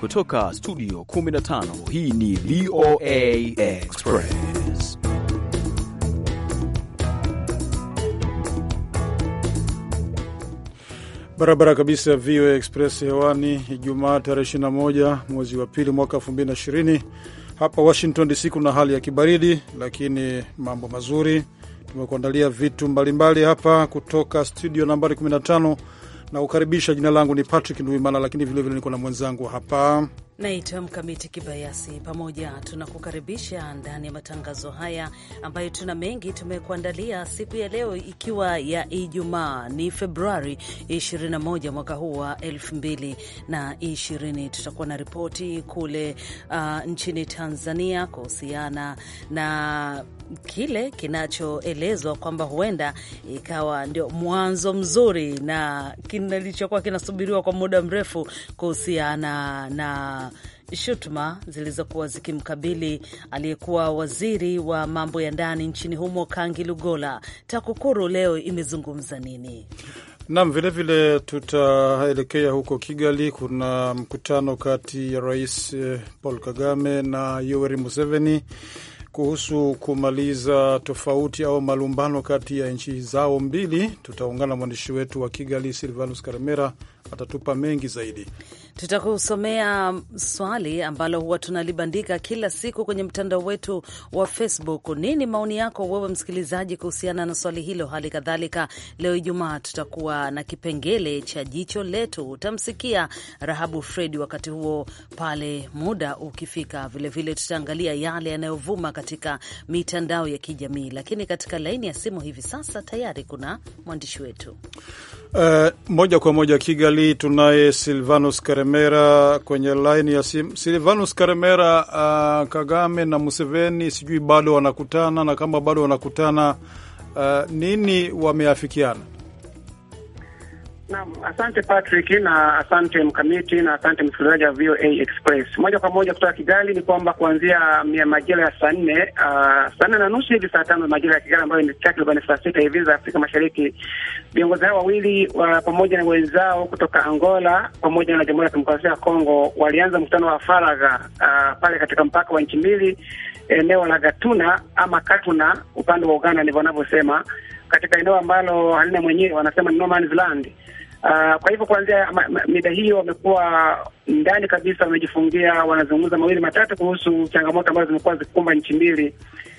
Kutoka studio 15 hii ni VOA Express. Barabara kabisa ya VOA Express hewani, Ijumaa tarehe 21 mwezi wa pili mwaka 2020 hapa Washington DC. Kuna hali ya kibaridi, lakini mambo mazuri tumekuandalia vitu mbalimbali mbali hapa kutoka studio nambari 15 na kukaribisha. Jina langu ni Patrick Nduimana, lakini vilevile niko na mwenzangu hapa Naitwa Mkamiti Kibayasi. Pamoja tunakukaribisha ndani ya matangazo haya ambayo tuna mengi tumekuandalia siku ya leo, ikiwa ya Ijumaa ni Februari 21 mwaka huu wa 2020. Tutakuwa na ripoti kule uh, nchini Tanzania kuhusiana na kile kinachoelezwa kwamba huenda ikawa ndio mwanzo mzuri na kilichokuwa kinasubiriwa kwa muda mrefu kuhusiana na shutuma zilizokuwa zikimkabili aliyekuwa waziri wa mambo ya ndani nchini humo Kangi Lugola. TAKUKURU leo imezungumza nini? Nam, vilevile tutaelekea huko Kigali. Kuna mkutano kati ya Rais eh, Paul Kagame na Yoweri Museveni kuhusu kumaliza tofauti au malumbano kati ya nchi zao mbili. Tutaungana na mwandishi wetu wa Kigali, Silvanus Karemera, atatupa mengi zaidi. Tutakusomea swali ambalo huwa tunalibandika kila siku kwenye mtandao wetu wa Facebook. Nini maoni yako wewe msikilizaji kuhusiana na swali hilo? Hali kadhalika leo Ijumaa tutakuwa na kipengele cha jicho letu. Utamsikia Rahabu Fredi wakati huo pale muda ukifika. Vilevile tutaangalia yale yanayovuma katika mitandao ya kijamii, lakini katika laini ya simu hivi sasa tayari kuna mwandishi wetu uh, moja kwa moja Kigali. Tunaye Silvanus Karem Karemera kwenye laini ya simu. Silvanus Karemera, uh, Kagame na Museveni sijui bado wanakutana, na kama bado wanakutana, uh, nini wameafikiana? Naam, asante Patrick na asante mkamiti na asante msikilizaji wa VOA Express. Moja kwa moja kutoka Kigali ni kwamba kuanzia mm, majira ya saa nne uh, saa nne na nusu hivi saa tano majira ya Kigali ambayo ni takriban saa sita hivi za Afrika Mashariki, viongozi hao wawili uh, pamoja na wenzao kutoka Angola pamoja na Jamhuri ya Kidemokrasia ya Kongo walianza mkutano wa faragha uh, pale katika mpaka wa nchi mbili eneo la Gatuna ama Katuna upande wa Uganda ndivyo wanavyosema, katika eneo ambalo halina mwenyewe, wanasema no man's land Uh, kwa hivyo kuanzia mida hiyo wamekuwa ndani kabisa, wamejifungia, wanazungumza mawili matatu kuhusu changamoto ambazo zimekuwa zikikumba nchi mbili,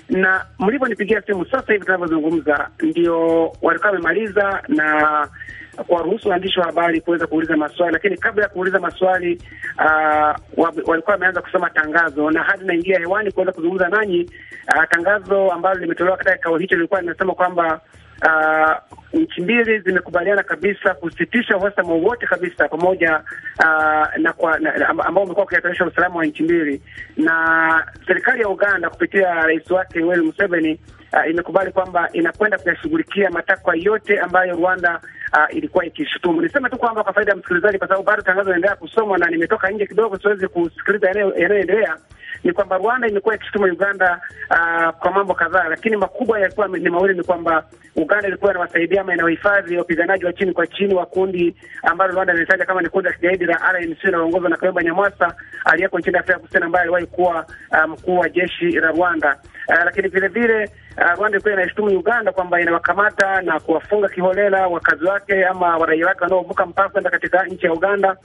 na mlivyonipigia simu sasa hivi tunavyozungumza, ndio walikuwa wamemaliza na kuwaruhusu waandishi wa habari kuweza kuuliza maswali, lakini kabla ya kuuliza maswali uh, walikuwa wameanza kusoma tangazo, na hadi naingia hewani kuweza kuzungumza nanyi uh, tangazo ambalo limetolewa katika kikao hicho lilikuwa linasema kwamba Uh, nchi mbili zimekubaliana kabisa kusitisha uhasama wote kabisa pamoja uh, na kwa ambao umekuwa ukihatarisha usalama wa nchi mbili, na serikali ya Uganda kupitia rais wake Yoweri Museveni uh, imekubali kwamba inakwenda kuyashughulikia matakwa yote ambayo Rwanda uh, ilikuwa ikishutumu. Niseme tu kwamba kwa faida ya msikilizaji, kwa sababu bado tangazo inaendelea kusomwa na nimetoka nje kidogo, siwezi kusikiliza yanayoendelea ni kwamba Rwanda imekuwa ikishtuma Uganda uh, kwa mambo kadhaa, lakini makubwa yalikuwa ni mawili, ni kwamba Uganda ilikuwa inawasaidia ama inawahifadhi wapiganaji wa chini kwa chini wa kundi ambalo Rwanda inalitaja kama ni kundi la kigaidi la RNC linaloongozwa na Kayumba Nyamwasa aliyeko nchini Afrika Kusini, ambaye aliwahi kuwa uh, mkuu um, wa jeshi la Rwanda. Uh, lakini vile vile uh, Rwanda ilikuwa inaishtumu Uganda kwamba inawakamata na kuwafunga kiholela wakazi wake ama waraia wake wanaovuka mpaka kwenda katika nchi ya Uganda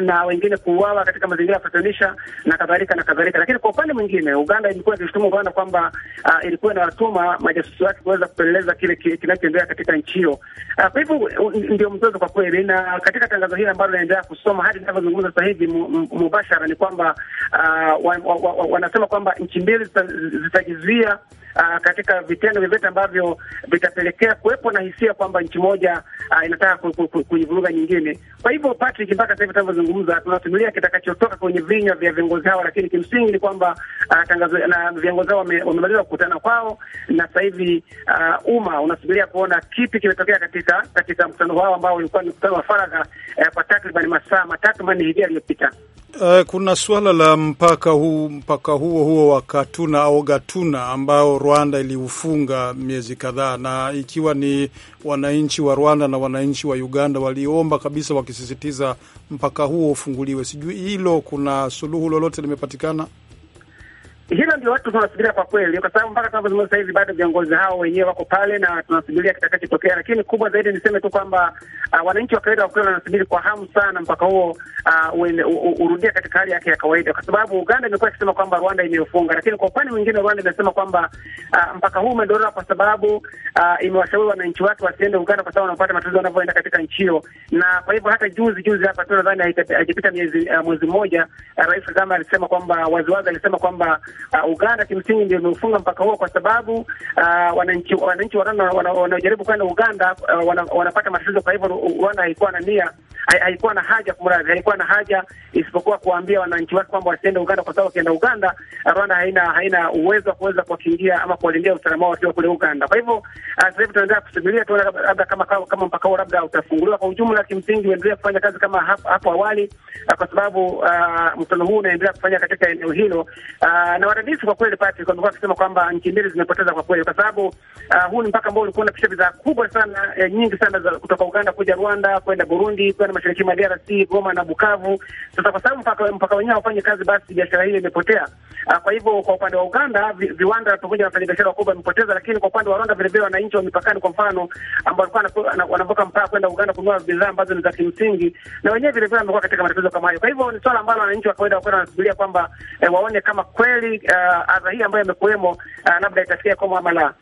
na wengine kuuawa katika mazingira ya kutatanisha na kadhalika na kadhalika. Lakini kwa upande mwingine, Uganda ilikuwa ikishutumu Rwanda kwamba uh, ilikuwa inawatuma majasusi wake kuweza kupeleleza kile kinachoendelea katika nchi hiyo. Uh, kwa hivyo ndio mzozo kwa kweli, na katika tangazo hili ambalo linaendelea kusoma hadi ninavyozungumza sasa hivi mubashara ni kwamba uh, ah, wanasema wa, wa, wa, wa kwamba nchi mbili zitajizuia zita uh, katika vitendo vyovyote ambavyo vitapelekea kuwepo na hisia kwamba nchi moja uh, inataka kuivuruga nyingine. Kwa hivyo, Patrick, mpaka sasa hivi tunavyozungumza, tunasubiria kitakachotoka kwenye vinywa vya viongozi hao, lakini kimsingi ni kwamba uh, tangazo na viongozi hao wamemaliza kukutana kwao, na sasa hivi umma unasubiria kuona kipi kimetokea katika katika mkutano wao ambao ulikuwa ni mkutano wa faragha uh, kwa takriban masaa matatu manne hivi yaliyopita. Uh, kuna suala la mpaka huu, mpaka huo huo wa Katuna au Gatuna ambao Rwanda iliufunga miezi kadhaa, na ikiwa ni wananchi wa Rwanda na wananchi wa Uganda waliomba kabisa wakisisitiza mpaka huo ufunguliwe. Sijui hilo kuna suluhu lolote limepatikana? hilo ndio watu tunasubiria kwa kweli, kwa sababu mpaka tunavyozungumza hivi bado viongozi hao wenyewe wako pale na tunasubiria kitakachotokea. Lakini kubwa zaidi niseme tu kwamba uh, wananchi wa kawaida wa kweli wanasubiri kwa hamu sana mpaka huo uh, urudia katika hali yake ya kawaida, kwa sababu Uganda imekuwa ikisema kwamba Rwanda imeofunga, lakini kwa upande mwingine Rwanda imesema kwamba uh, mpaka huu umedorora kwa sababu uh, imewashauri wananchi wake wasiende Uganda kwa sababu wanapata matatizo wanavyoenda katika nchi hiyo. Na kwa hivyo hata juzi juzi hapa tu nadhani haijapita miezi uh, mwezi mmoja uh, Rais Kagame alisema kwamba waziwazi alisema kwamba uh, Uganda kimsingi ndio imeufunga mpaka huo kwa sababu uh, wananchi wananchi wanaojaribu kwenda Uganda uh, wana, wanapata matatizo. Kwa hivyo Rwanda haikuwa na nia, haikuwa na haja kumradhi, haikuwa na haja isipokuwa kuambia wananchi wake kwamba wasiende Uganda, kwa sababu wakienda Uganda Rwanda haina haina uwezo wa kuweza kuwakingia ama kuwalindia usalama wao wakiwa kule Uganda. Kwa hivyo sasa hivi tunaendelea kusubiria tuone labda kama kama mpaka huo labda utafunguliwa. Kwa ujumla, kimsingi uendelee kufanya kazi kama hapo awali, kwa sababu uh, mkutano huu unaendelea kufanya katika eneo hilo uh, na wadadisi kwa kweli, Patrick, wamekuwa wakisema kwamba nchi mbili zimepoteza kwa kweli, kwa sababu uh, huu ni mpaka ambao ulikuwa unapisha bidhaa kubwa sana eh, nyingi sana za kutoka Uganda kuja Rwanda kwenda Burundi kwenda mashariki mwa DRC, Goma na Bukavu. Sasa kwa sababu mpaka mpaka wenyewe hawafanyi kazi, basi biashara hiyo imepotea. Uh, kwa hivyo kwa upande wa Uganda vi, viwanda pamoja na wafanyabiashara wakubwa wamepoteza, lakini kwa upande wa Rwanda vile vile wananchi wa mipakani, kwa mfano, ambao walikuwa wanavuka mpaka kwenda Uganda kununua bidhaa ambazo ni za kimsingi, na wenyewe vile vile wamekuwa katika matatizo kama hayo. Kwa hivyo ni swala ambalo wananchi wa kawaida wanasubiria kwamba eh, waone kama kweli uh, adha hii ambayo imekuwemo uh, labda itafikia kwa la.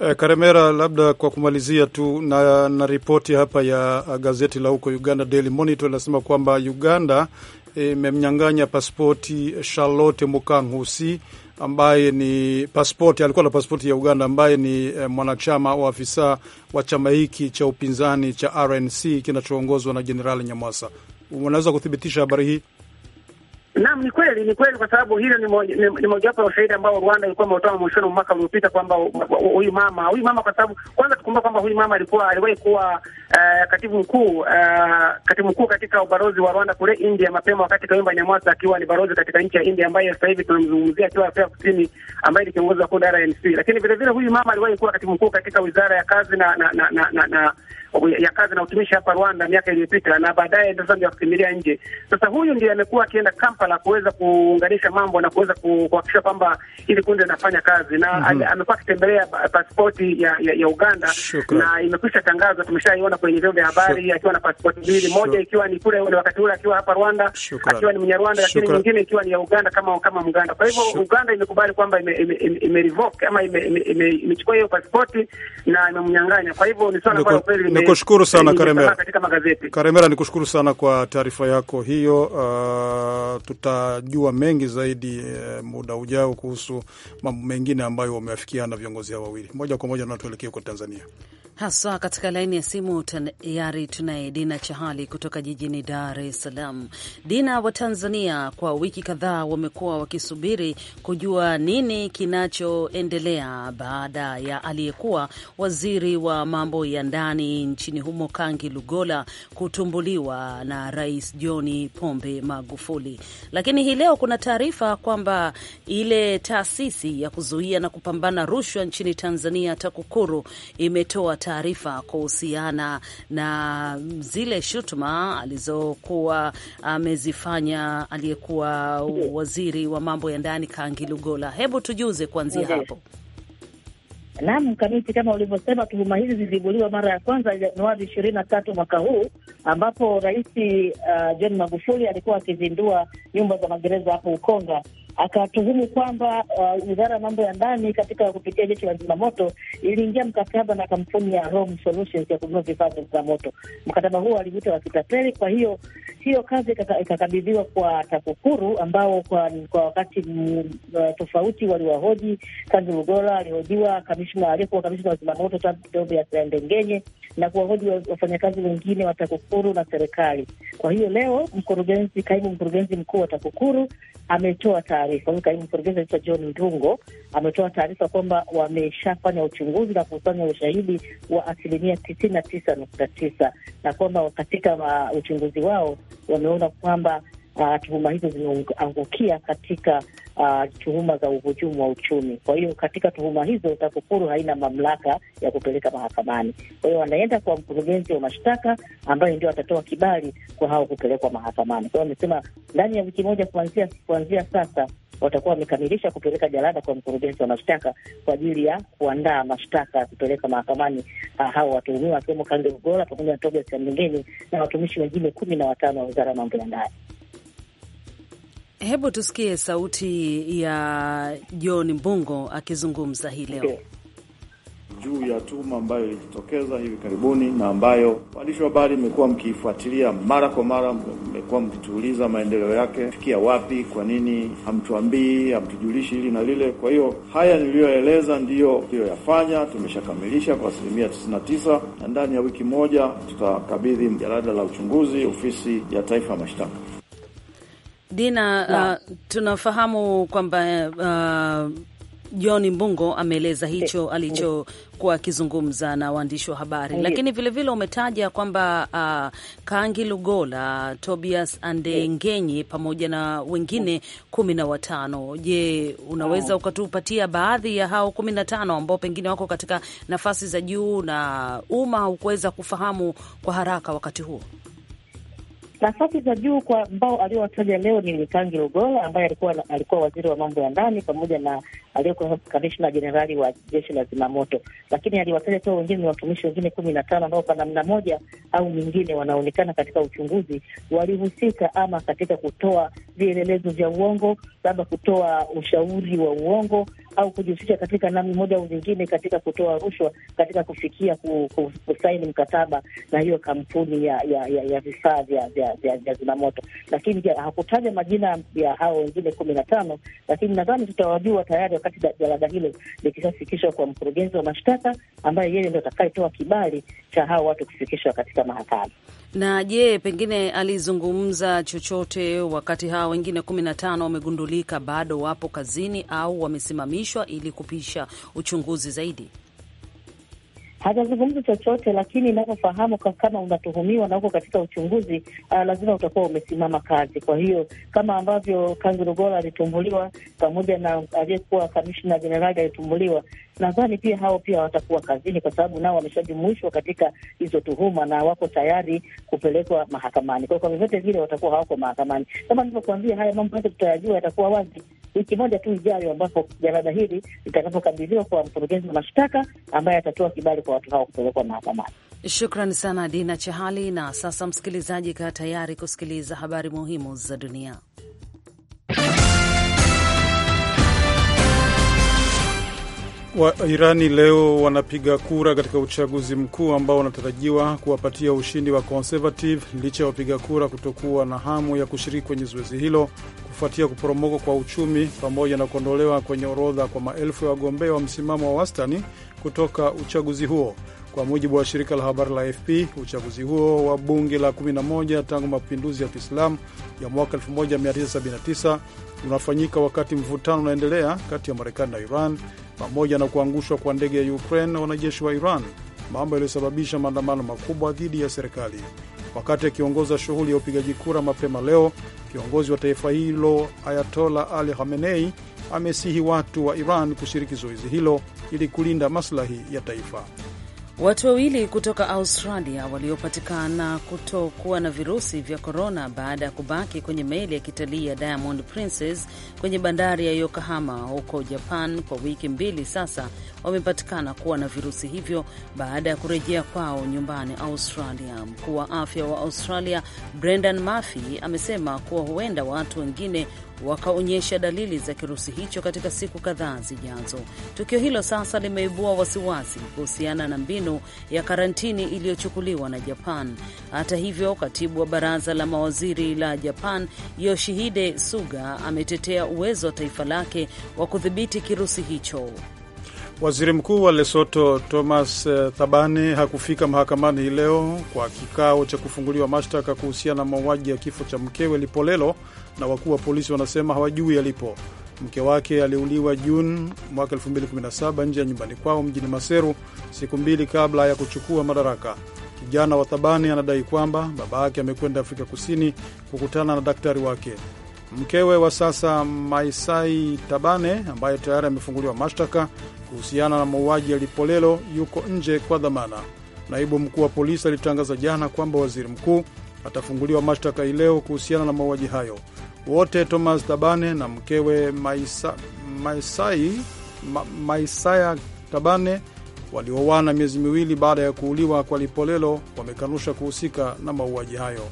eh, Karemera, labda kwa kumalizia tu na, na ripoti hapa ya gazeti la huko Uganda Daily Monitor inasema kwamba Uganda imemnyang'anya eh, pasipoti Charlotte Mukangusi ambaye ni pasipoti alikuwa na pasipoti ya Uganda, ambaye ni eh, mwanachama wa afisa wa chama hiki cha upinzani cha RNC kinachoongozwa na Jenerali Nyamwasa. Unaweza kuthibitisha habari hii? Naam, ni kweli, ni kweli, kwa sababu hilo ni mojawapo moja ya ushahidi ambao Rwanda ilikuwa imetoa mwishoni mwa mwaka uliopita kwamba huyu mama huyu mama, kwa sababu kwanza tukumbuka kwamba huyu mama alikuwa aliwahi kuwa Eh, katibu mkuu uh, katibu mkuu katika ubalozi wa Rwanda kule India mapema wakati Kayumba Nyamwasa akiwa ni balozi katika nchi ya India ambaye sasa hivi tunamzungumzia akiwa Afrika Kusini ambaye ni kiongozi wa kundi RNC. Lakini vile vile huyu mama aliwahi kuwa katibu mkuu katika wizara ya kazi na na na, na, na, na ya kazi na utumishi hapa Rwanda miaka iliyopita, na baadaye sasa ndio akakimbilia nje. Sasa huyu ndiye amekuwa akienda Kampala kuweza kuunganisha mambo na kuweza kuhakikisha kwamba ili kundi linafanya kazi na mm -hmm. amekuwa akitembelea pasipoti ya, ya, ya Uganda Shukra. na imekwisha tangazwa tumeshaiona kwenye vyombo vya habari akiwa na pasipoti mbili, moja ikiwa ni kule wakati ule akiwa hapa Rwanda, akiwa ni Mnyarwanda, lakini nyingine ikiwa ni ya Uganda kama kama Mganda. Kwa hivyo Uganda imekubali kwamba ime revoke ama imechukua hiyo pasipoti na imemnyang'anya. Kwa hivyo ni swala kwa kweli nikushukuru sana Karemera, katika magazeti. Karemera, nikushukuru sana kwa taarifa yako hiyo. Uh, tutajua mengi zaidi eh, muda ujao kuhusu mambo mengine ambayo wameafikiana viongozi hao wawili. Moja kwa moja na tuelekea huko Tanzania, haswa katika laini ya simu tayari tunaye Dina Chahali kutoka jijini Dar es Salaam. Dina, wa Tanzania kwa wiki kadhaa wamekuwa wakisubiri kujua nini kinachoendelea baada ya aliyekuwa waziri wa mambo ya ndani nchini humo Kangi Lugola kutumbuliwa na Rais John Pombe Magufuli, lakini hii leo kuna taarifa kwamba ile taasisi ya kuzuia na kupambana rushwa nchini Tanzania TAKUKURU imetoa taarifa kuhusiana na zile shutuma alizokuwa amezifanya aliyekuwa waziri wa mambo ya ndani Kangi Lugola. Hebu tujuze kuanzia hapo. Naam, mkamiti, kama ulivyosema, tuhuma hizi ziliibuliwa mara ya kwanza Januari ishirini na tatu mwaka huu ambapo Rais uh, John Magufuli alikuwa akizindua nyumba za magereza hapo Ukonga, akatuhumu kwamba uh, wizara uh, ya mambo ya ndani katika kupitia jeshi la zimamoto iliingia mkataba na kampuni ya Solutions ya kununua vifaa vya zimamoto. Mkataba huo alivuta wakitapeli. Kwa hiyo hiyo kazi ikakabidhiwa kwa TAKUKURU ambao kwa, kwa wakati mm, uh, tofauti waliwahoji. Kazi Lugola alihojiwa, kamishna kamishna aliyekuwa kamishna wa zimamoto Tadobe ya Ndengenye na kuwahoji wafanyakazi wengine wa TAKUKURU na serikali. Kwa hiyo leo mkurugenzi, kaimu mkurugenzi mkuu wa TAKUKURU ametoa taarifa, huyu kaimu mkurugenzi anaitwa John Ndungo, ametoa taarifa kwamba wameshafanya uchunguzi na kukusanya ushahidi wa asilimia tisini na tisa nukta tisa na kwamba katika uh, uchunguzi wao wameona kwamba uh, tuhuma hizo zimeangukia katika uh, tuhuma za uhujumu wa uchumi. Kwa hiyo katika tuhuma hizo TAKUKURU haina mamlaka ya kupeleka mahakamani. Kwa hiyo wanaenda kwa mkurugenzi wa mashtaka ambaye ndio atatoa kibali kwa hao kupelekwa mahakamani. Kwa hiyo ndani ya wiki moja kuanzia kuanzia sasa watakuwa wamekamilisha kupeleka jalada kwa mkurugenzi wa mashtaka kwa ajili ya kuandaa mashtaka ya kupeleka mahakamani ah, hao watuhumiwa, akiwemo Kange Lugola pamoja na Tobias Mlingeni na watumishi wengine kumi na watano wa wizara ya mambo ya ndani. Hebu tusikie sauti ya John Mbungo akizungumza hii leo juu ya tuma ambayo ilijitokeza hivi karibuni na ambayo waandishi wa habari mmekuwa mkiifuatilia mara kwa mara, mmekuwa mkituuliza maendeleo yake, fikia wapi, kwa nini hamtuambii, hamtujulishi hili na lile. Kwa hiyo haya niliyoeleza ndiyo iliyoyafanya, tumeshakamilisha kwa asilimia 99, na ndani ya wiki moja tutakabidhi jalada la uchunguzi ofisi ya taifa ya mashtaka. Dina, uh, tunafahamu kwamba uh, John Mbungo ameeleza eh, hicho eh. alichokuwa akizungumza na waandishi wa habari Ndi. Eh. Lakini vilevile vile umetaja kwamba uh, Kangi Lugola, Tobias Andengenyi pamoja na wengine kumi na watano. Je, unaweza oh. ukatupatia baadhi ya hao kumi na tano ambao pengine wako katika nafasi za juu na umma haukuweza kufahamu kwa haraka wakati huo? Nafasi za juu kwa ambao aliowataja leo ni Mikangi Lugola ambaye alikuwa alikuwa waziri wa mambo ya ndani pamoja na aliyekuwa kamishna jenerali wa jeshi la zimamoto, lakini aliwataja kuwa wengine ni watumishi wengine kumi na tano ambao kwa namna moja au nyingine wanaonekana katika uchunguzi walihusika ama katika kutoa vielelezo vya uongo, labda kutoa ushauri wa uongo au kujihusisha katika namna moja au nyingine katika kutoa rushwa katika kufikia kusaini mkataba na hiyo kampuni ya ya, ya, ya vifaa vya, vya, vya, vya zimamoto, lakini hakutaja majina ya hao wengine kumi na tano, lakini nadhani tutawajua tayari wakati jalada hilo likishafikishwa kwa mkurugenzi wa mashtaka, ambaye yeye ndo atakayetoa kibali cha hao watu kufikishwa katika mahakama. Na je, pengine alizungumza chochote wakati hawa wengine kumi na tano wamegundulika bado wapo kazini au wamesimamishwa ili kupisha uchunguzi zaidi? hatazungumzi chochote, lakini inavyofahamu kama unatuhumiwa na uko katika uchunguzi uh, lazima utakuwa umesimama kazi. Kwa hiyo kama ambavyo Kangi Lugola alitumbuliwa pamoja na aliyekuwa kamishna jenerali alitumbuliwa, nadhani pia hao pia hawatakuwa kazini, kwa sababu nao wameshajumuishwa katika hizo tuhuma na wako tayari kupelekwa mahakamani. Kwa hiyo kwa vyovyote vile watakuwa hawako mahakamani. Kama nilivyokuambia, haya mambo yote tutayajua, yatakuwa wazi wiki moja tu ijayo, ambapo jalada hili litakapokabidhiwa kwa mkurugenzi wa mashtaka ambaye atatoa kibali kwa watu hao kupelekwa mahakamani. Shukran sana Dina Chahali. Na sasa, msikilizaji, kaa tayari kusikiliza habari muhimu za dunia. Wairani leo wanapiga kura katika uchaguzi mkuu ambao wanatarajiwa kuwapatia ushindi wa Conservative licha ya wapiga kura kutokuwa na hamu ya kushiriki kwenye zoezi hilo kufuatia kuporomoka kwa uchumi pamoja na kuondolewa kwenye orodha kwa maelfu ya wagombea wa msimamo wa wastani kutoka uchaguzi huo. Kwa mujibu wa shirika la habari la AFP, uchaguzi huo wa bunge la 11 tangu mapinduzi ya Kiislamu ya mwaka 1979 unafanyika wakati mvutano unaendelea kati ya Marekani na Iran pamoja na kuangushwa kwa ndege ya Ukraine na wanajeshi wa Iran, mambo yaliyosababisha maandamano makubwa dhidi ya serikali. Wakati akiongoza shughuli ya upigaji kura mapema leo, kiongozi wa taifa hilo Ayatola Ali Khamenei amesihi watu wa Iran kushiriki zoezi hilo ili kulinda maslahi ya taifa. Watu wawili kutoka Australia waliopatikana kutokuwa na virusi vya korona baada ya kubaki kwenye meli ya kitalii ya Diamond Princess kwenye bandari ya Yokohama huko Japan kwa wiki mbili sasa, wamepatikana kuwa na virusi hivyo baada ya kurejea kwao nyumbani Australia. Mkuu wa afya wa Australia Brendan Murphy amesema kuwa huenda watu wengine wakaonyesha dalili za kirusi hicho katika siku kadhaa zijazo. Tukio hilo sasa limeibua wasiwasi kuhusiana na mbinu ya karantini iliyochukuliwa na Japan. Hata hivyo, katibu wa baraza la mawaziri la Japan Yoshihide Suga ametetea uwezo wa taifa lake wa kudhibiti kirusi hicho. Waziri Mkuu wa Lesoto Thomas eh, Thabane hakufika mahakamani hii leo kwa kikao cha kufunguliwa mashtaka kuhusiana na mauaji ya kifo cha mkewe Lipolelo na wakuu wa polisi wanasema hawajui alipo. Mke wake aliuliwa Juni mwaka 2017 nje ya nyumbani kwao mjini Maseru, siku mbili kabla ya kuchukua madaraka. Kijana wa Thabane anadai kwamba baba yake amekwenda Afrika Kusini kukutana na daktari wake. Mkewe wa sasa Maisai Tabane, ambaye tayari amefunguliwa mashtaka kuhusiana na mauaji ya Lipolelo, yuko nje kwa dhamana. Naibu mkuu wa polisi alitangaza jana kwamba waziri mkuu atafunguliwa mashtaka hii leo kuhusiana na mauaji hayo wote Thomas Tabane na mkewe Maisa, Maisai, Ma, Maisaya Tabane waliowana miezi miwili baada ya kuuliwa kwa Lipolelo wamekanusha kuhusika na mauaji hayo.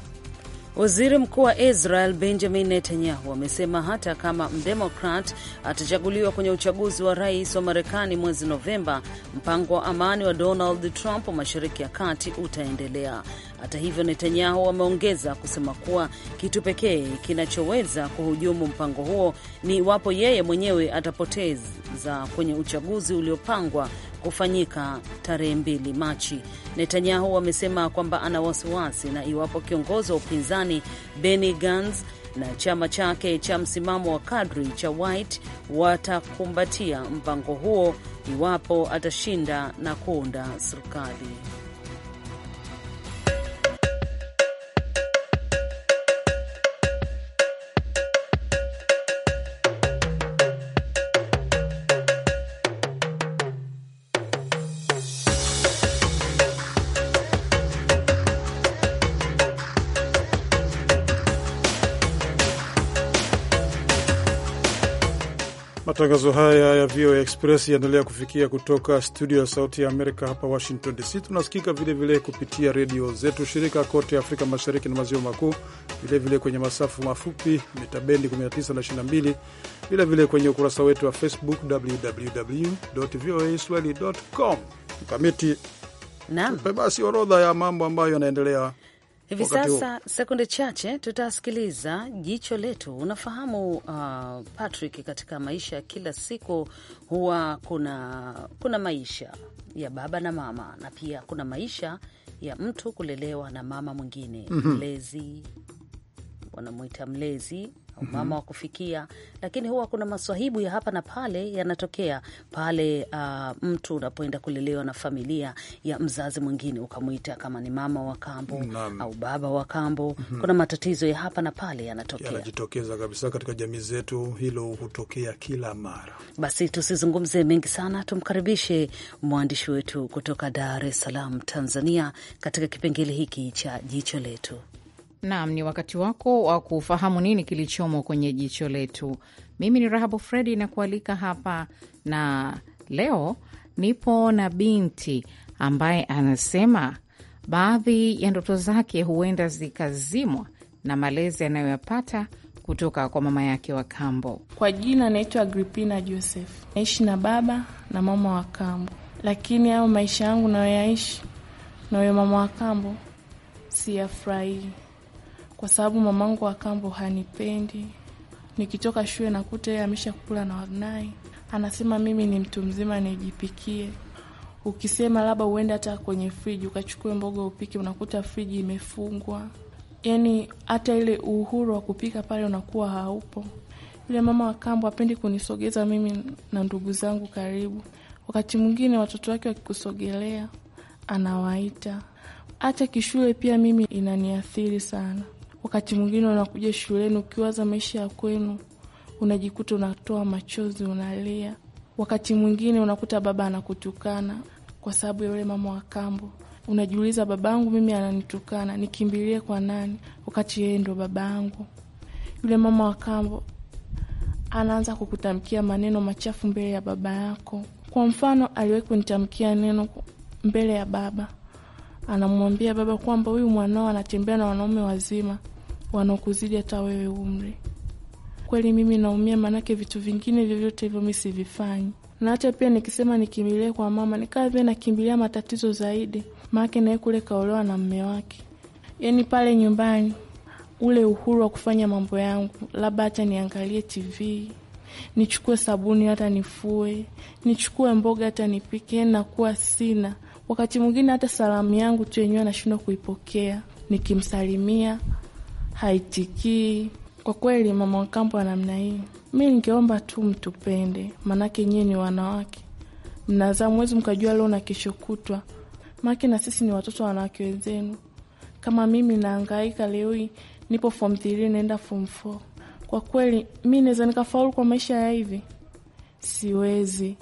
Waziri Mkuu wa Israel Benjamin Netanyahu amesema hata kama mdemokrat atachaguliwa kwenye uchaguzi wa rais wa Marekani mwezi Novemba, mpango wa amani wa Donald Trump wa Mashariki ya Kati utaendelea. Hata hivyo, Netanyahu ameongeza kusema kuwa kitu pekee kinachoweza kuhujumu mpango huo ni iwapo yeye mwenyewe atapoteza kwenye uchaguzi uliopangwa kufanyika tarehe mbili Machi. Netanyahu amesema kwamba ana wasiwasi na iwapo kiongozi wa upinzani Benny Gantz na chama chake cha msimamo wa kadri cha White watakumbatia mpango huo iwapo atashinda na kuunda serikali. Matangazo haya ya VOA Express yaendelea kufikia kutoka studio ya Sauti ya Amerika hapa Washington DC. Tunasikika vilevile kupitia redio zetu shirika kote Afrika Mashariki na Maziwa Makuu, vilevile kwenye masafa mafupi mita bendi 19 na 22, vilevile kwenye ukurasa wetu wa Facebook www voa swahili com. Mkamiti, basi orodha ya mambo ambayo yanaendelea Hivi sasa sekunde chache tutasikiliza jicho letu. Unafahamu uh, Patrick, katika maisha ya kila siku huwa kuna, kuna maisha ya baba na mama na pia kuna maisha ya mtu kulelewa na mama mwingine mm -hmm. Mlezi wanamwita mlezi umama mm -hmm. wa kufikia, lakini huwa kuna maswahibu ya hapa na pale yanatokea pale, uh, mtu unapoenda kulelewa na familia ya mzazi mwingine, ukamwita kama ni mama wa kambo au baba wa kambo mm -hmm. kuna matatizo ya hapa na pale yanatokea, yanajitokeza kabisa katika jamii zetu, hilo hutokea kila mara. Basi tusizungumze mengi sana, tumkaribishe mwandishi wetu kutoka Dar es Salaam, Tanzania, katika kipengele hiki cha jicho letu. Naam, ni wakati wako wa kufahamu nini kilichomo kwenye jicho letu. Mimi ni Rahabu Fredi na kualika hapa, na leo nipo na binti ambaye anasema baadhi ya ndoto zake huenda zikazimwa na malezi anayoyapata kutoka kwa mama yake wa kambo. Kwa jina anaitwa Agripina Joseph, naishi na baba na mama wa kambo, lakini hayo maisha yangu nayoyaishi na huyo mama wa kambo siyafurahii kwa sababu mamangu wa kambo hanipendi. Nikitoka shule nakuta yeye ameshakula na wanai, anasema mimi ni mtu mzima nijipikie. Ukisema labda uende hata kwenye friji ukachukue mboga upike, unakuta friji imefungwa. Yani hata ile uhuru wa kupika pale unakuwa haupo. Yule mama wa kambo apendi kunisogeza mimi na ndugu zangu karibu. Wakati mwingine watoto wake wakikusogelea anawaita. Hata kishule pia mimi inaniathiri sana. Wakati mwingine unakuja shuleni ukiwaza maisha ya kwenu, unajikuta unatoa machozi, unalia. Wakati mwingine unakuta baba anakutukana kwa sababu ya yule mama wa kambo. Unajiuliza, babangu mimi ananitukana, nikimbilie kwa nani wakati yeye ndo babangu? Yule mama wa kambo anaanza kukutamkia maneno machafu mbele ya baba yako. Kwa mfano, aliwahi kunitamkia neno mbele ya baba anamwambia baba kwamba huyu mwanao anatembea na wanaume wazima wanaokuzidi hata wewe umri. Kweli mimi naumia, maanake vitu vingine vyovyote hivyo mi sivifanyi, na hata pia nikisema nikimbilie kwa mama nikaa vile nakimbilia matatizo zaidi, maake naye kule kaolewa na mme wake. yani pale nyumbani ule uhuru wa kufanya mambo yangu, labda hata niangalie TV, nichukue sabuni hata nifue, nichukue mboga hata nipike, nakuwa sina Wakati mwingine hata salamu yangu tu yenyewe anashindwa kuipokea, nikimsalimia haitikii. Kwa kweli, mama wa kambo wa namna hii, mi ningeomba tu mtupende, maanake nyie ni wanawake, mnazaa mwezi mkajua leo na kesho kutwa, maanake na sisi ni watoto wanawake wenzenu. Kama mimi naangaika leo hii nipo form 3 naenda form 4, kwa kweli mi naweza nikafaulu kwa maisha ya hivi? Siwezi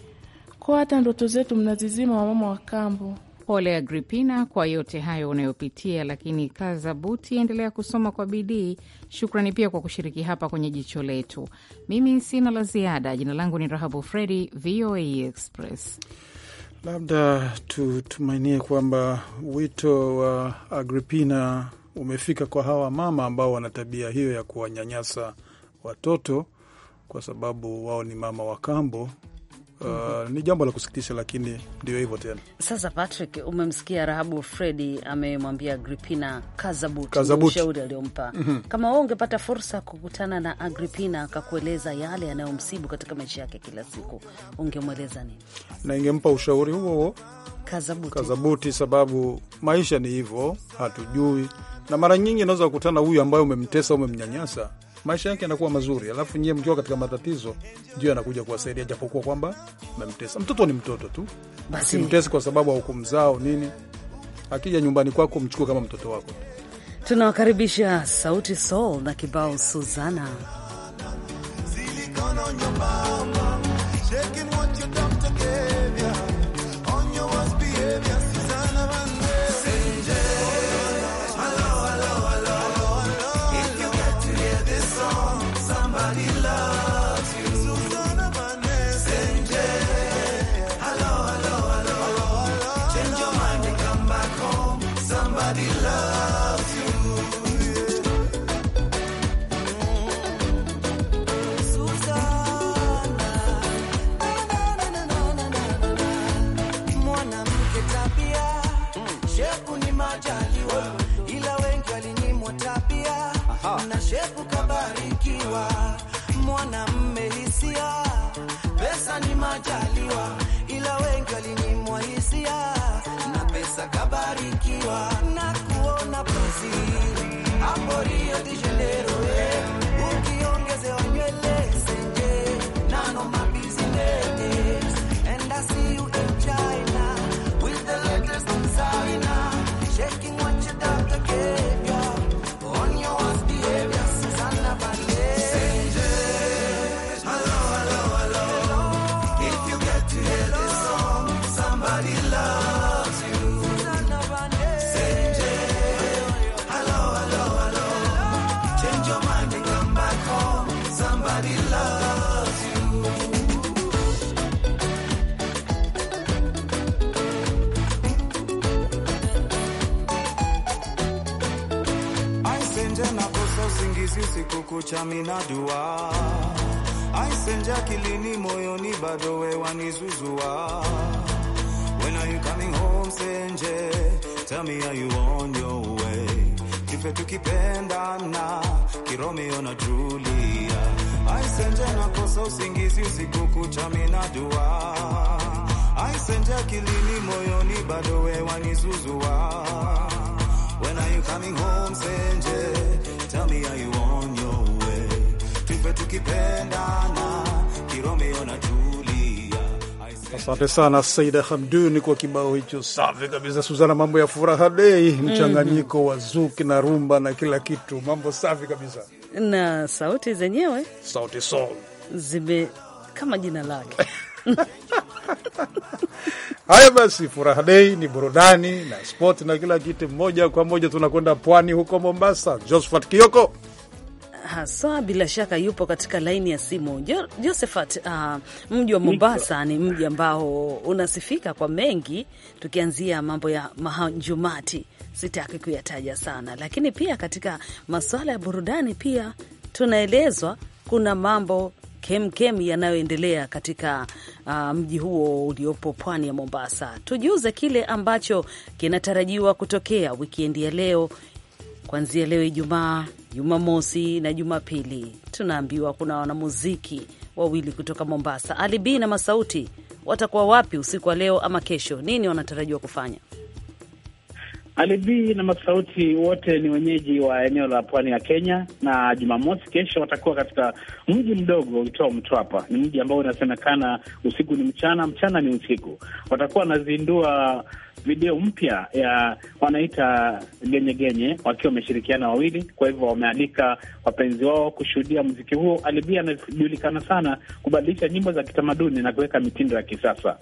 kwa hata ndoto zetu mnazizima, mama wa kambo. Pole Agripina kwa yote hayo unayopitia, lakini kaza buti, endelea kusoma kwa bidii. Shukrani pia kwa kushiriki hapa kwenye jicho letu. Mimi sina la ziada. Jina langu ni Rahabu Fredi, VOA Express. Labda tutumainie kwamba wito wa Agripina umefika kwa hawa mama ambao wana tabia hiyo ya kuwanyanyasa watoto, kwa sababu wao ni mama wa kambo Uh, ni jambo la kusikitisha, lakini ndio hivyo tena. Sasa Patrick, umemsikia Rahabu Fredi amemwambia Agripina Kazabuti ushauri aliyompa. mm -hmm. Kama wewe ungepata fursa kukutana na Agripina akakueleza yale yanayomsibu katika maisha yake kila siku, ungemweleza nini? Na ingempa ushauri huo Kazabuti. Kazabuti, sababu maisha ni hivyo, hatujui na mara nyingi unaweza kukutana huyu ambaye umemtesa, umemnyanyasa maisha yake yanakuwa mazuri, alafu nyie mkiwa katika matatizo ndio anakuja kuwasaidia, japokuwa kwamba memtesa. Mtoto ni mtoto tu, simtesi kwa sababu haukumzao nini. Akija nyumbani kwako, mchukue kama mtoto wako. Tunawakaribisha Sauti Sol na kibao Suzana. nikakabarikiwa na kuona Brazil hapo Rio de Janeiro Usiku kucha minadua aisenja kilini moyoni bado wewanizuzua wanizuzua. When are you coming home Senje? Tell me are you on your way? Kife tukipendana kiromeo na Julia Aisenje nakosa usingizi usiku kucha, aisenje moyoni bado we When are you coming home Senje, tell me are you on your way? Tupe tukipendana Kiromeo na Asante sana Saida Hamdun kwa kibao hicho safi kabisa. Suzana, mambo ya furaha dei, mchanganyiko wa zuki na rumba na kila kitu, mambo safi kabisa na sauti zenyewe sauti so zime kama jina lake. Haya basi, furaha dei ni burudani na spot na kila kitu. Moja kwa moja tunakwenda pwani huko Mombasa. Josephat Kioko haswa bila shaka yupo katika laini ya simu. Josephat, uh, mji wa Mombasa ni mji ambao unasifika kwa mengi, tukianzia mambo ya mahanjumati sitaki kuyataja sana, lakini pia katika masuala ya burudani pia tunaelezwa kuna mambo kemkem yanayoendelea katika uh, mji huo uliopo pwani ya Mombasa. Tujiuze kile ambacho kinatarajiwa kutokea wikendi ya leo, kuanzia leo Ijumaa, Jumamosi na Jumapili. Tunaambiwa kuna wanamuziki wawili kutoka Mombasa, Ali B na Masauti. Watakuwa wapi usiku wa leo ama kesho? Nini wanatarajiwa kufanya? Alibi na Masauti wote ni wenyeji wa eneo la pwani ya Kenya, na Jumamosi kesho watakuwa katika mji mdogo uitwao Mtwapa. Ni mji ambao unasemekana usiku ni mchana, mchana ni usiku. Watakuwa wanazindua video mpya ya wanaita genye genye, wakiwa wameshirikiana wawili. Kwa hivyo wamealika wapenzi wao kushuhudia mziki huo. Alibi anajulikana sana kubadilisha nyimbo za kitamaduni na kuweka mitindo ya kisasa.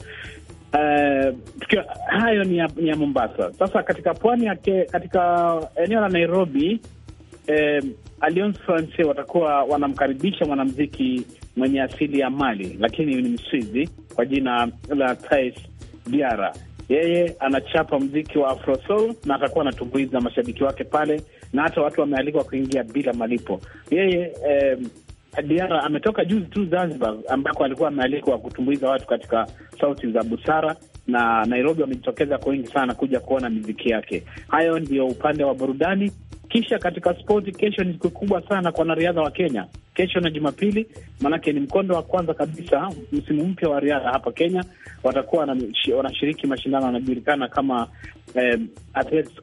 Uh, eh, tukio hayo ni ya, ni ya Mombasa. Sasa katika pwani yake, katika eneo la Nairobi eh, Alliance Francaise watakuwa wanamkaribisha mwanamziki mwenye asili ya Mali lakini ni Mswizi kwa jina la Tais Diara. Yeye anachapa mziki wa afrosoul na atakuwa anatumbuiza mashabiki wake pale, na hata watu wamealikwa kuingia bila malipo. Yeye eh, Diara ametoka juzi tu Zanzibar, ambako alikuwa amealikwa kutumbuiza watu katika sauti za busara, na Nairobi wamejitokeza kwa wingi sana kuja kuona miziki yake. Hayo ndiyo upande wa burudani. Kisha katika spoti, kesho ni siku kubwa sana kwa wanariadha wa Kenya. Kesho na Jumapili, maanake ni mkondo wa kwanza kabisa msimu mpya wa riadha hapa Kenya. Watakuwa wanashiriki mashindano yanajulikana kama eh,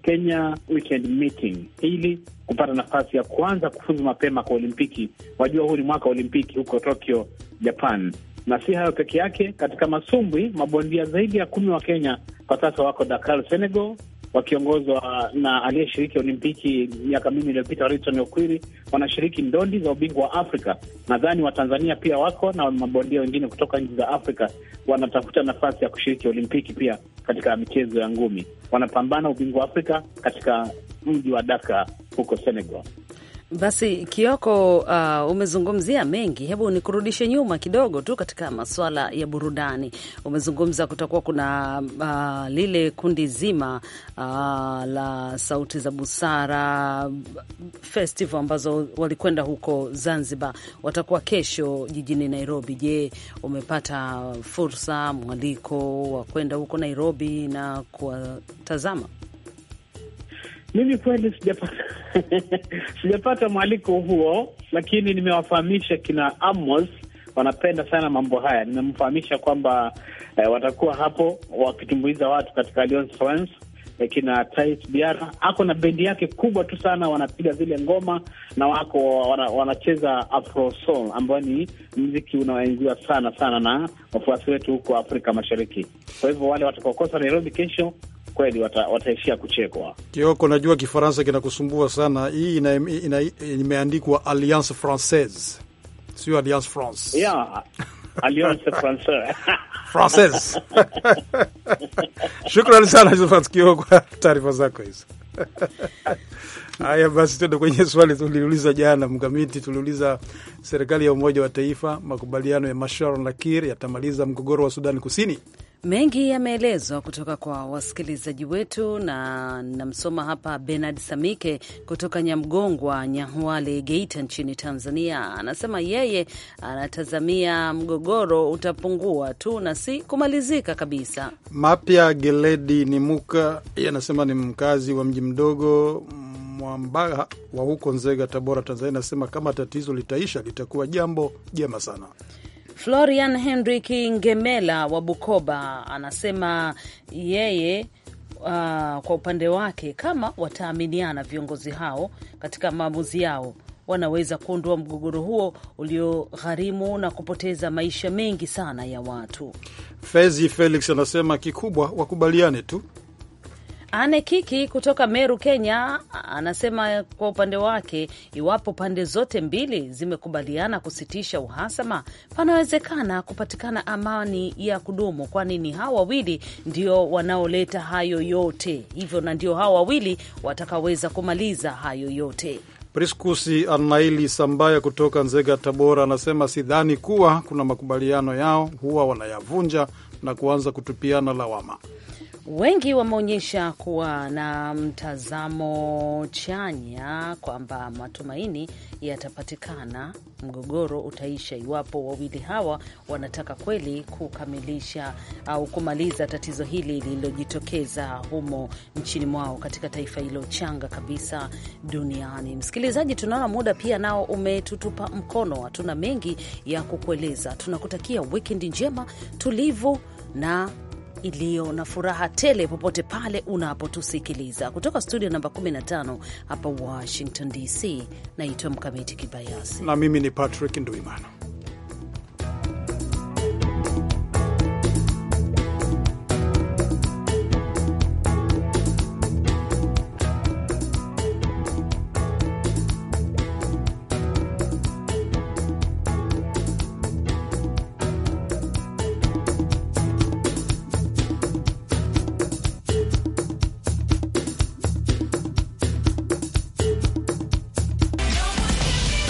Kenya Weekend Meeting. Hili kupata nafasi ya kwanza kufuzu mapema kwa Olimpiki. Wajua huu ni mwaka wa Olimpiki huko Tokyo, Japan. Na si hayo peke yake, katika masumbwi mabondia zaidi ya kumi wa Kenya kwa sasa wako Dakar, Senegal, wakiongozwa na aliyeshiriki Olimpiki miaka mingi iliyopita Rayton Okwiri. Wanashiriki ndondi za ubingwa wa Afrika. Nadhani Watanzania pia wako na mabondia wengine kutoka nchi za Afrika wanatafuta nafasi ya kushiriki Olimpiki pia katika michezo ya ngumi, wanapambana ubingwa wa Afrika katika mji wa Daka huko Senegal. Basi Kioko, uh, umezungumzia mengi. Hebu nikurudishe nyuma kidogo tu katika maswala ya burudani. Umezungumza kutakuwa kuna uh, lile kundi zima uh, la Sauti za Busara festival ambazo walikwenda huko Zanzibar, watakuwa kesho jijini Nairobi. Je, umepata fursa, mwaliko wa kwenda huko Nairobi na kuwatazama? Mimi kweli sijapata sijapata mwaliko huo, lakini nimewafahamisha kina Amos wanapenda sana mambo haya. Nimemfahamisha kwamba eh, watakuwa hapo wakitumbuiza watu katika Lyon France eh, kina Tait Biara ako na bendi yake kubwa tu sana, wanapiga zile ngoma na wako wanacheza afro soul, ambayo ni mziki unaoenziwa sana sana na wafuasi wetu huko Afrika Mashariki. Kwa hivyo wale watakaokosa Nairobi kesho kweli wata, wataishia kuchekwa. Kioko, najua Kifaransa kinakusumbua sana. Hii imeandikwa Alliance Francaise, sio Alliance France. Yeah, Alliance Francaise. Shukrani sana Josephat Kioko kwa taarifa zako hizo. Haya basi, tuende kwenye swali tuliuliza jana Mkamiti. Tuliuliza, serikali ya umoja wa taifa, makubaliano ya mashar na Kir yatamaliza mgogoro wa Sudani Kusini? Mengi yameelezwa kutoka kwa wasikilizaji wetu, na namsoma hapa Bernard Samike kutoka Nyamgongwa, Nyahwale, Geita nchini Tanzania. Anasema yeye anatazamia mgogoro utapungua tu na si kumalizika kabisa. Mapya Geledi ni Muka, yeye anasema ni mkazi wa mji mdogo Mwambaha wa huko Nzega, Tabora, Tanzania. Anasema kama tatizo litaisha litakuwa jambo jema sana. Florian Henrik Ngemela wa Bukoba anasema yeye Uh, kwa upande wake kama wataaminiana viongozi hao katika maamuzi yao wanaweza kuondoa mgogoro huo uliogharimu na kupoteza maisha mengi sana ya watu. Fezi Felix anasema kikubwa wakubaliane tu Ane Kiki kutoka Meru, Kenya, anasema kwa upande wake, iwapo pande zote mbili zimekubaliana kusitisha uhasama, panawezekana kupatikana amani ya kudumu, kwani ni hawa wawili ndio wanaoleta hayo yote hivyo, na ndio hawa wawili watakaweza kumaliza hayo yote. Priskusi Anaili Sambaya kutoka Nzega, Tabora, anasema sidhani kuwa kuna makubaliano yao, huwa wanayavunja na kuanza kutupiana lawama wengi wameonyesha kuwa na mtazamo chanya kwamba matumaini yatapatikana, mgogoro utaisha iwapo wawili hawa wanataka kweli kukamilisha au kumaliza tatizo hili lililojitokeza humo nchini mwao, katika taifa hilo changa kabisa duniani. Msikilizaji, tunaona muda pia nao umetutupa mkono, hatuna mengi ya kukueleza. Tunakutakia wikendi njema, tulivu na iliyo na furaha tele popote pale unapotusikiliza kutoka studio namba 15 hapa Washington DC. Naitwa Mkamiti Kibayasi na mimi ni Patrick Nduimana.